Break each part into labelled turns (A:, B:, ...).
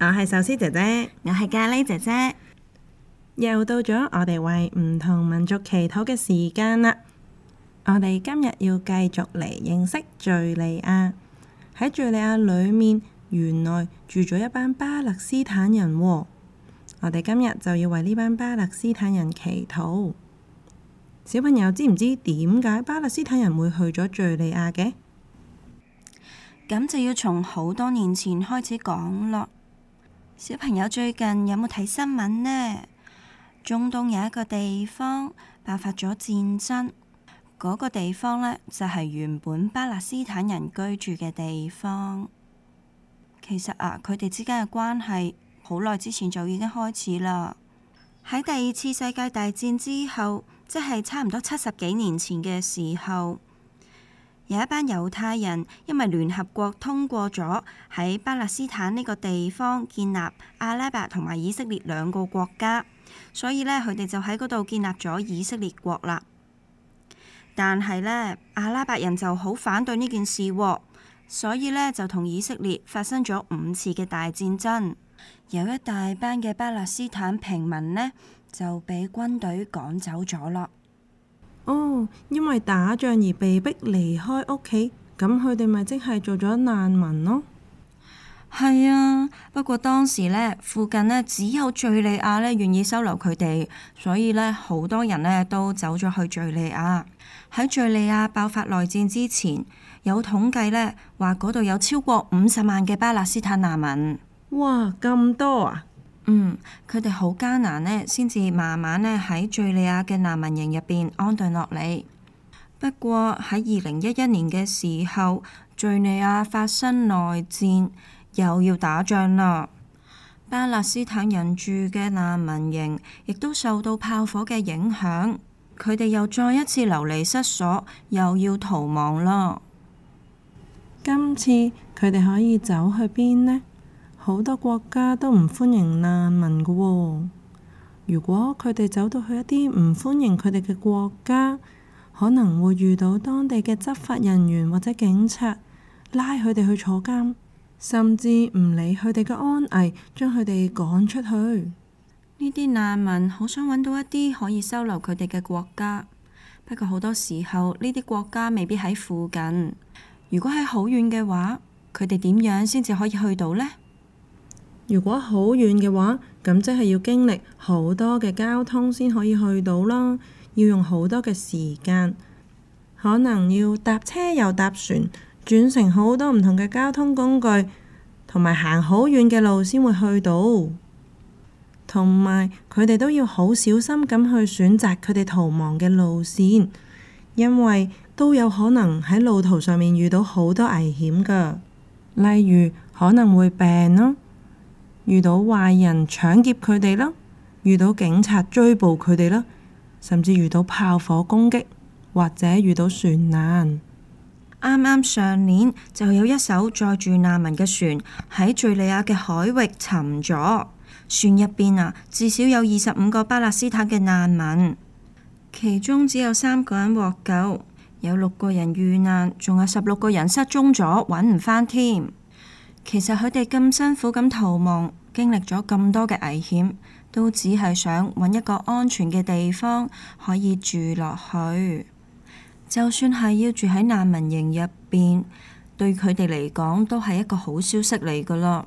A: 我係壽司姐姐，我係咖喱姐姐。又到咗我哋為唔同民族祈禱嘅時間啦。我哋今日要繼續嚟認識敘利亞。喺敘利亞裏面，原來住咗一班巴勒斯坦人。我哋今日就要為呢班巴勒斯坦人祈禱。小朋
B: 友知唔知點解巴勒斯坦人會去咗敘利亞嘅？咁就要從好多年前開始講啦。小朋友最近有冇睇新聞呢？中東有一個地方爆發咗戰爭，嗰個地方呢，就係原本巴勒斯坦人居住嘅地方。其實啊，佢哋之間嘅關係好耐之前就已經開始啦。喺第二次世界大戰之後，即係差唔多七十幾年前嘅時候。有一班猶太人，因為聯合國通過咗喺巴勒斯坦呢個地方建立阿拉伯同埋以色列兩個國家，所以咧佢哋就喺嗰度建立咗以色列國啦。但係咧，阿拉伯人就好反對呢件事喎，所以咧就同以色列發生咗五次嘅大戰爭。有一大班嘅巴勒斯坦平民咧，就俾軍隊趕走咗咯。
A: 哦，因為打仗而被迫離開屋企，咁佢哋咪即係做咗
B: 難民咯。係啊，不過當時呢附近呢，只有敍利亞呢願意收留佢哋，所以呢，好多人呢都走咗去敍利亞。喺敍利亞爆發內戰之前，有統計呢話嗰度有超過五十萬嘅巴勒斯坦難民。嘩，咁多啊！嗯，佢哋好艱難呢，先至慢慢呢喺敘利亞嘅難民營入邊安頓落嚟。不過喺二零一一年嘅時候，敘利亞發生內戰，又要打仗啦。巴勒斯坦人住嘅難民營亦都受到炮火嘅影響，佢哋又再一次流離失所，又要逃亡啦。今次佢哋
A: 可以走去邊
B: 呢？好多國家都唔歡迎難
A: 民嘅喎、哦。如果佢哋走到去一啲唔歡迎佢哋嘅國家，可能會遇到當地嘅執法人員或者警察，拉佢
B: 哋去坐監，甚至唔理佢哋嘅安危，將佢哋趕出去。呢啲難民好想揾到一啲可以收留佢哋嘅國家，不過好多時候呢啲國家未必喺附近。如果喺好遠嘅話，佢哋點樣先至可以去到呢？如果好遠嘅話，
A: 咁即係要經歷好多嘅交通先可以去到咯，要用好多嘅時間，可能要搭車又搭船，轉乘好多唔同嘅交通工具，同埋行好遠嘅路先會去到，同埋佢哋都要好小心咁去選擇佢哋逃亡嘅路綫，因為都有可能喺路途上面遇到好多危險㗎，例如可能會病咯。遇到壞人搶劫佢哋啦，遇到警察追捕佢哋啦，甚至遇到炮火攻
B: 擊，或者遇到船難。啱啱上年就有一艘載住難民嘅船喺敘利亞嘅海域沉咗，船入邊啊，至少有二十五個巴勒斯坦嘅難民，其中只有三個人獲救，有六個人遇難，仲有十六個人失蹤咗，揾唔返添。其實佢哋咁辛苦咁逃亡，經歷咗咁多嘅危險，都只係想揾一個安全嘅地方可以住落去。就算係要住喺難民營入邊，對佢哋嚟講都係一個好消息嚟㗎囉。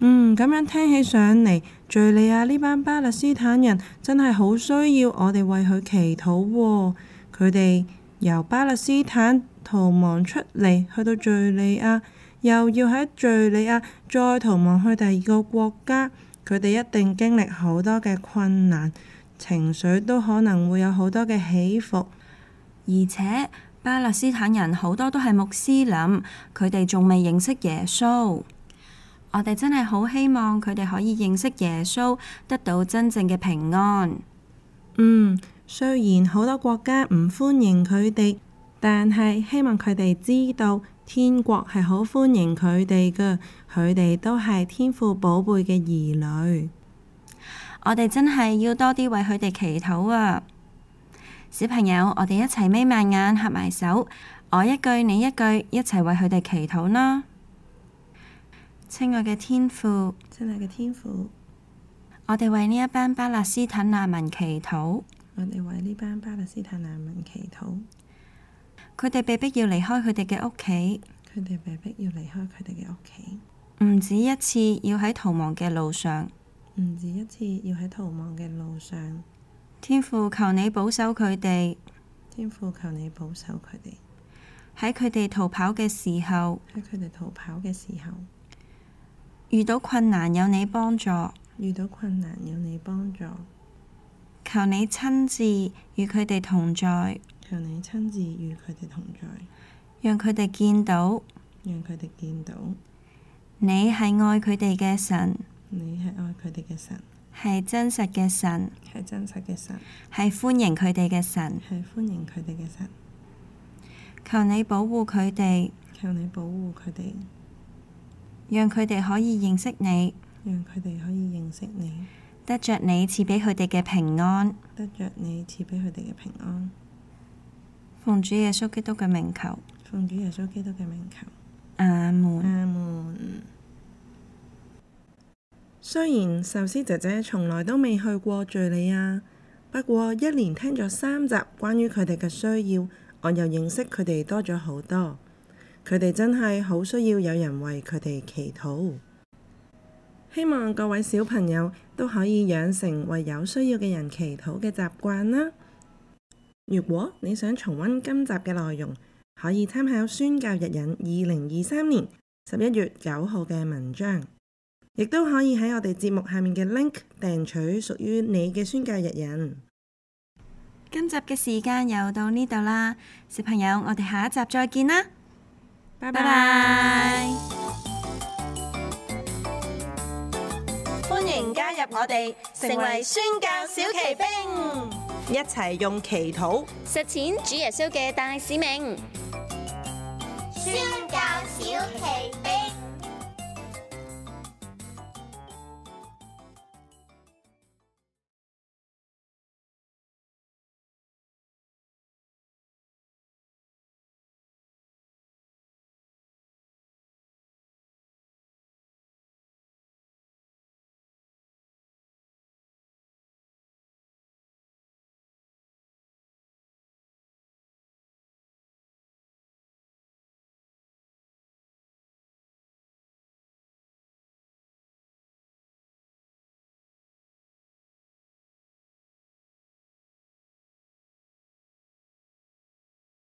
B: 嗯，咁樣聽起上嚟，敍
A: 利亞呢班巴勒斯坦人真係好需要我哋為佢祈禱。佢哋由巴勒斯坦逃亡出嚟，去到敍利亞。又要喺敘利亞再逃亡去第二個國家，佢哋一定
B: 經歷好多嘅困難，情緒都可能會有好多嘅起伏。而且巴勒斯坦人好多都係穆斯林，佢哋仲未認識耶穌。我哋真係好希望佢哋可以認識耶穌，得到真正嘅平安。嗯，雖然好多國家
A: 唔歡迎佢哋，但係希望佢哋知道。天國係好
B: 歡迎佢哋㗎，佢哋都係天父寶貝嘅兒女。我哋真係要多啲為佢哋祈禱啊！小朋友，我哋一齊眯埋眼，合埋手，我一句你一句，一齊為佢哋祈禱啦！親愛嘅天父，親愛嘅天父，我哋為呢一班巴勒斯坦難民祈禱，我哋為呢班巴勒斯坦難民祈禱。佢哋被逼要離開佢哋嘅屋企，佢哋被逼要離開佢哋嘅屋企，唔止一次要喺逃亡嘅路上，唔
A: 止一次要喺逃亡嘅路上。
B: 天父，求你保守佢哋，天父，求你保守佢哋。喺佢哋逃跑嘅時候，喺佢哋逃跑嘅時候，遇到困難有你幫助，遇到困難有你幫助。求你親自與佢哋同在。讓你親自與佢哋同在，讓佢哋見到，讓佢哋見到。你係愛佢哋嘅神，你係愛佢哋嘅神，係真實嘅神，係真實嘅神，係歡迎佢哋嘅神，係歡迎佢哋嘅神。求你保護佢哋，求你保護佢哋，讓佢哋可以認識你，讓佢哋可以認識你，得着你賜俾佢哋嘅平安，得着你賜俾佢哋嘅平安。奉主耶穌基督嘅名求，奉主耶穌基督嘅名求，阿門，阿門。雖然壽司姐
A: 姐從來都未去過敘利亞，不過一連聽咗三集關於佢哋嘅需要，我又認識佢哋多咗好多。佢哋真係好需要有人為佢哋祈禱。希望各位小朋友都可以養成為有需要嘅人祈禱嘅習慣啦。如果你想重溫今集嘅內容，可以參考《宣教日引》二零二三年十一月九號嘅文章，亦都可以喺我哋節目下面嘅 link 訂取屬於你嘅《宣教日引》。
B: 今集嘅時間又到呢度啦，小朋友，我哋下一集再見啦，拜拜！歡迎加入我哋，成為宣教小奇兵。
A: 一齊用祈禱
B: 實踐主耶穌嘅大使命，宣教小奇兵。